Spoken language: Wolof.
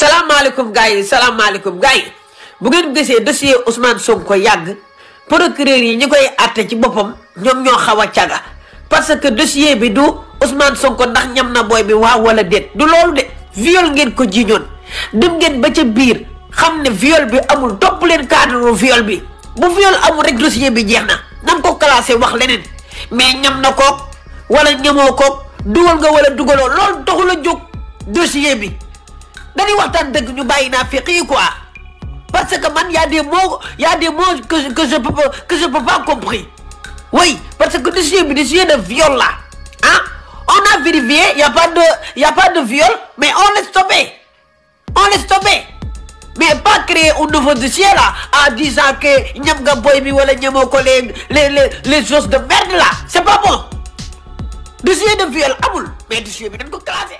salaamaaleykum gars yi salaamaaleykum gaa yi bu ngeen gisee dossier Ousmane ko yàgg procureur yi ñi koy àtte ci boppam ñoom ñoo xaw a caga parce que dossier bi du Ousmane ko ndax ñam na booy bi waaw wala déet du loolu de viol ngeen ko jiñoon dem ngeen ba ca biir xam ne viol bi amul topp leen cadre viol bi bu viol amul rek dossier bi jeex na nan ko classé wax leneen mais ñam na kook wala ñamoo kook dugal nga wala dugaloo loolu taxul a jóg bi. dañuy waxtaan ñu bàyyi naa féq yi quoi parce que man y a des mots y a des mots que que je peux pas que parce que du sujet bi du sujet de viol là ah on a vérifié y a pas de viol mais on laisse tomber on laisse tomber mais pas créer un nouveau dossier là en disant que ñam nga boy bi wala ñamoo ko les les les de merde là c'est pas bon dossier de viol amul mais dossier bi dañ ko classé.